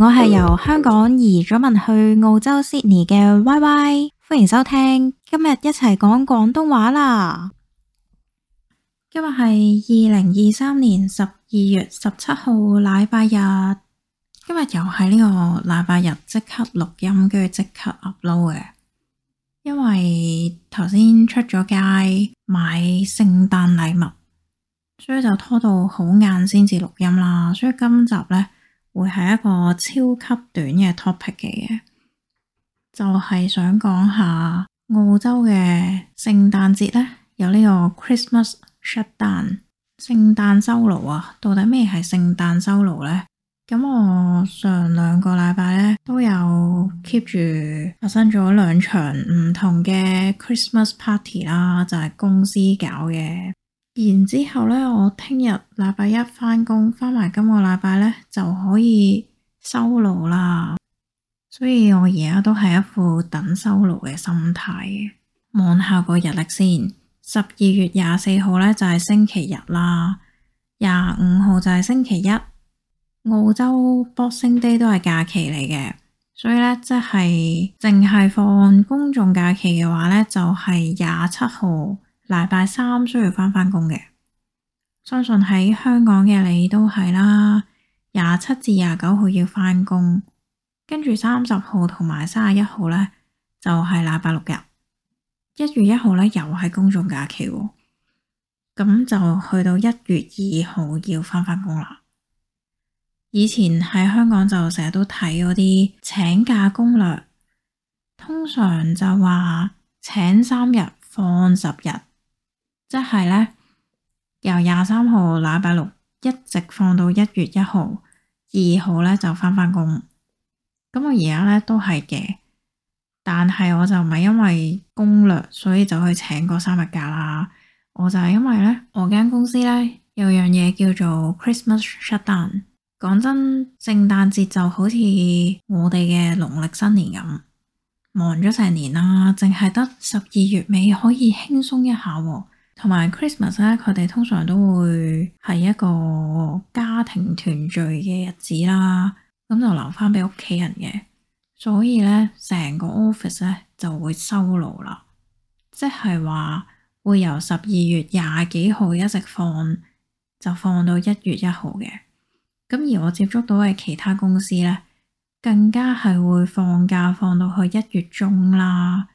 我係由香港移咗民去澳洲 Sydney 嘅 Y Y，歡迎收聽，今日一齊講廣東話啦。今日係二零二三年十二月十七號禮拜日，今日又係呢個禮拜日即刻錄音，跟住即刻 upload 嘅，因為頭先出咗街買聖誕禮物，所以就拖到好晏先至錄音啦。所以今集呢。會係一個超級短嘅 topic 嘅嘢，就係想講下澳洲嘅聖誕節呢，有呢個 Christmas shutdown，聖誕收爐啊，到底咩係聖誕收爐呢？咁我上兩個禮拜呢都有 keep 住發生咗兩場唔同嘅 Christmas party 啦，就係公司搞嘅。然之後咧，我聽日禮拜一返工，返埋今個禮拜咧就可以收爐啦。所以我而家都係一副等收爐嘅心態。望下個日曆先，十二月廿四號咧就係、是、星期日啦，廿五號就係星期一。澳洲 Boxing Day 都係假期嚟嘅，所以咧即係淨係放公眾假期嘅話咧，就係廿七號。禮拜三需要返返工嘅，相信喺香港嘅你都係啦。廿七至廿九號要返工，跟住三十號同埋三十一號呢，就係禮拜六日。一月一號呢，又係公眾假期啊，咁就去到一月二號要返返工啦。以前喺香港就成日都睇嗰啲請假攻略，通常就話請三日放十日。即係咧，由廿三號禮拜六一直放到一月一號、二號咧就翻返工。咁我而家咧都係嘅，但係我就唔係因為攻略，所以就去請個三日假啦。我就係因為咧，我間公司咧有樣嘢叫做 Christmas Shutdown。講真，聖誕節就好似我哋嘅農曆新年咁，忙咗成年啦，淨係得十二月尾可以輕鬆一下喎。同埋 Christmas 咧，佢哋通常都會係一個家庭團聚嘅日子啦，咁就留翻俾屋企人嘅。所以咧，成個 office 咧就會收爐啦，即係話會由十二月廿幾號一直放，就放到一月一號嘅。咁而我接觸到嘅其他公司咧，更加係會放假放到去一月中啦。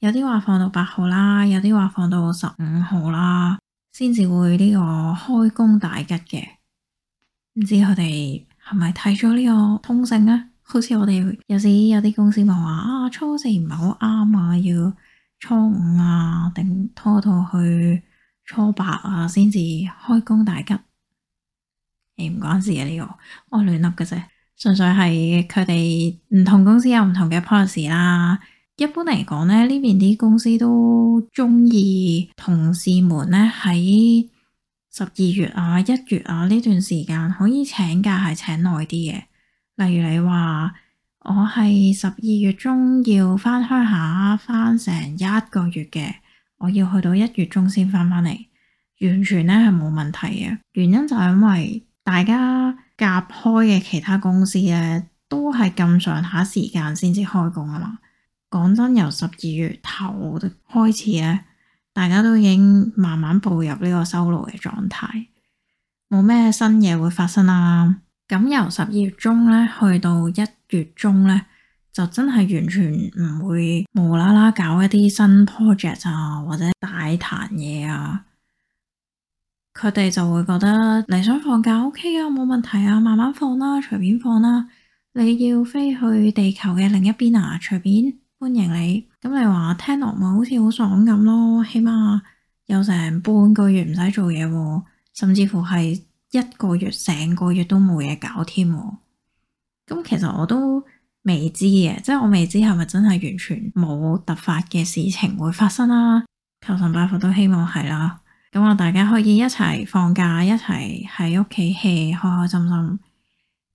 有啲話放到八號啦，有啲話放到十五號啦，先至會呢個開工大吉嘅。唔知佢哋係咪睇咗呢個通勝啊？好似我哋有時有啲公司咪話啊，初四唔係好啱啊，要初五啊，定拖到去初八啊，先至開工大吉。欸，唔關事啊，呢、這個我亂笠嘅啫，純粹係佢哋唔同公司有唔同嘅 policy 啦。一般嚟講咧，呢邊啲公司都中意同事們咧喺十二月啊、一月啊呢段時間可以請假係請耐啲嘅。例如你話我係十二月中要返鄉下返成一個月嘅，我要去到一月中先返返嚟，完全咧係冇問題嘅。原因就係因為大家夾開嘅其他公司咧都係咁上下時間先至開工啊嘛。講真，由十二月頭開始咧，大家都已經慢慢步入呢個收爐嘅狀態，冇咩新嘢會發生啦。咁由十二月中咧去到一月中咧，就真係完全唔會無啦啦搞一啲新 project 啊，或者大談嘢啊。佢哋就會覺得你想放假 OK 啊，冇問題啊，慢慢放啦，隨便放啦。你要飛去地球嘅另一邊啊，隨便。歡迎你，咁你話聽落咪好似好爽咁咯，起碼有成半個月唔使做嘢，甚至乎係一個月、成個月都冇嘢搞添。咁其實我都未知嘅，即係我未知係咪真係完全冇突發嘅事情會發生啦？求神拜佛都希望係啦。咁我大家可以一齊放假，一齊喺屋企 hea，開開心心。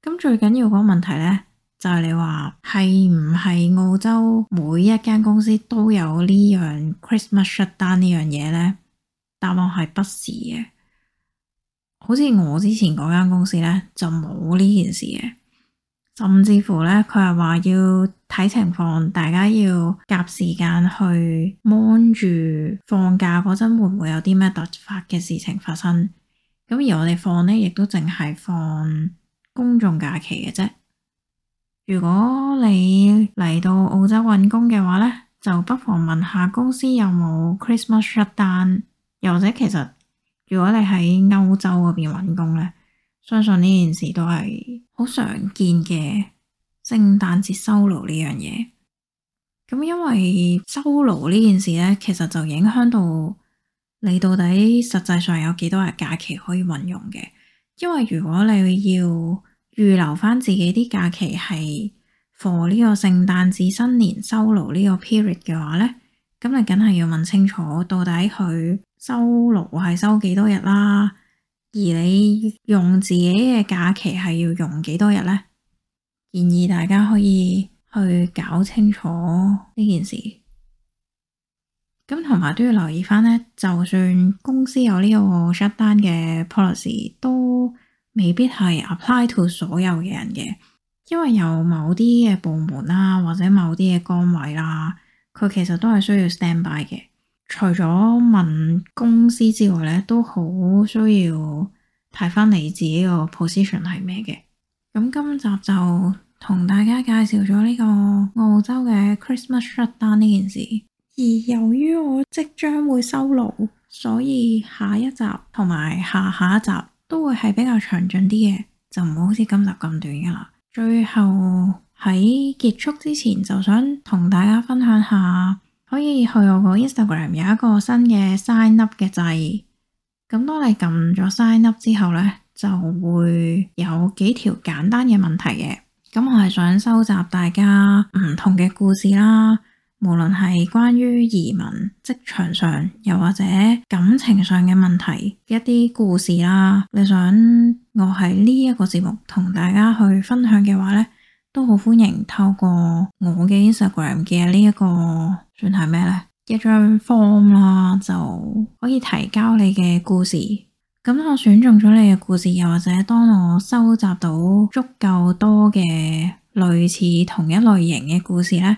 咁最緊要嗰個問題呢。但係你話係唔係澳洲每一間公司都有呢樣 Christmas shut down 呢樣嘢呢？答案係不是嘅。好似我之前嗰間公司呢，就冇呢件事嘅。甚至乎呢，佢係話要睇情況，大家要夾時間去 mon 住放假嗰陣會唔會有啲咩突發嘅事情發生。咁而我哋放呢，亦都淨係放公眾假期嘅啫。如果你嚟到澳洲揾工嘅話呢，就不妨問下公司有冇 Christmas shutdown，又或者其實如果你喺歐洲嗰邊揾工呢，相信呢件事都係好常見嘅。聖誕節收爐呢樣嘢，咁因為收爐呢件事呢，其實就影響到你到底實際上有幾多日假期可以運用嘅，因為如果你要。預留翻自己啲假期係 for 呢個聖誕至新年收爐呢個 period 嘅話呢，咁你梗係要問清楚，到底佢收爐係收幾多日啦、啊？而你用自己嘅假期係要用幾多日呢？建議大家可以去搞清楚呢件事。咁同埋都要留意翻呢，就算公司有呢個 shutdown 嘅 policy 都。未必係 apply to 所有嘅人嘅，因為有某啲嘅部門啦、啊，或者某啲嘅崗位啦、啊，佢其實都係需要 stand by 嘅。除咗問公司之外咧，都好需要睇翻你自己個 position 係咩嘅。咁今集就同大家介紹咗呢個澳洲嘅 Christmas shutdown 呢件事。而由於我即將會收爐，所以下一集同埋下下一集，都會係比較詳盡啲嘅，就唔好好似今集咁短噶啦。最後喺結束之前，就想同大家分享下，可以去我個 Instagram 有一個新嘅 sign up 嘅掣。咁當你撳咗 sign up 之後呢，就會有幾條簡單嘅問題嘅。咁我係想收集大家唔同嘅故事啦。無論係關於移民、職場上，又或者感情上嘅問題，一啲故事啦，你想我喺呢一個節目同大家去分享嘅話呢，都好歡迎透過我嘅 Instagram 嘅呢一個，算係咩呢？一張 form 啦，就可以提交你嘅故事。咁我選中咗你嘅故事，又或者當我收集到足夠多嘅類似同一類型嘅故事呢。